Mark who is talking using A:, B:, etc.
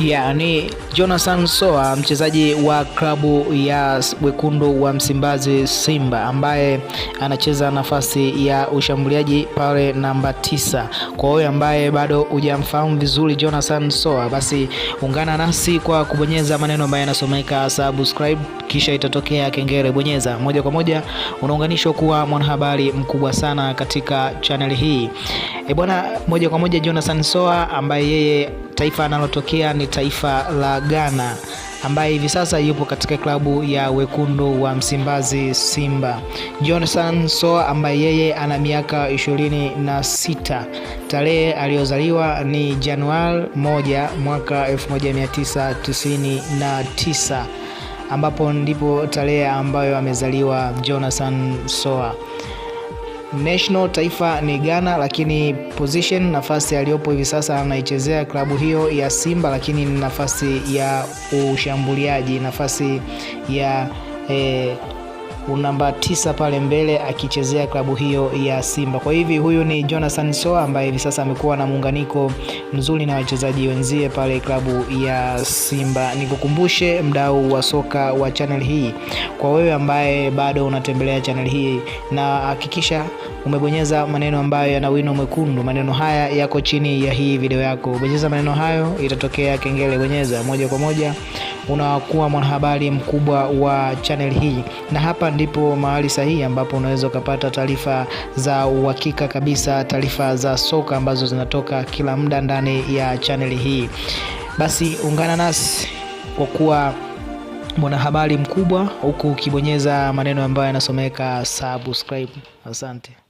A: ya ni Jonathan Soa mchezaji wa klabu ya wekundu wa Msimbazi Simba ambaye anacheza nafasi ya ushambuliaji pale namba tisa. Kwa huyo ambaye bado hujamfahamu vizuri Jonathan Soa, basi ungana nasi kwa kubonyeza maneno ambayo yanasomeka subscribe, kisha itatokea kengele, bonyeza moja kwa moja, unaunganishwa kuwa mwanahabari mkubwa sana katika channel hii. E bwana, moja kwa moja Jonathan Soa ambaye yeye taifa analotokea ni ni taifa la Ghana ambaye hivi sasa yupo katika klabu ya wekundu wa Msimbazi Simba. Johnson Soa ambaye yeye ana miaka ishirini na sita. Tarehe aliyozaliwa ni Januari moja mwaka 1999 ambapo ndipo tarehe ambayo amezaliwa Jonathan Soa. National taifa ni Ghana, lakini position nafasi aliyopo hivi sasa anaichezea klabu hiyo ya Simba, lakini ni nafasi ya ushambuliaji, nafasi ya eh, namba tisa pale mbele akichezea klabu hiyo ya Simba. Kwa hivi huyu ni Jonathan Soa ambaye hivi sasa amekuwa na muunganiko mzuri na wachezaji wenzie pale klabu ya Simba. Nikukumbushe mdau wa soka wa channel hii, kwa wewe ambaye bado unatembelea channel hii, na hakikisha umebonyeza maneno ambayo yana wino mwekundu. Maneno haya yako chini ya hii video yako, bonyeza maneno hayo, itatokea kengele, bonyeza moja kwa moja unakuwa mwanahabari mkubwa wa channel hii, na hapa ndipo mahali sahihi ambapo unaweza ukapata taarifa za uhakika kabisa, taarifa za soka ambazo zinatoka kila muda ndani ya channel hii. Basi ungana nasi kwa kuwa mwanahabari mkubwa, huku ukibonyeza maneno ambayo yanasomeka subscribe. Asante.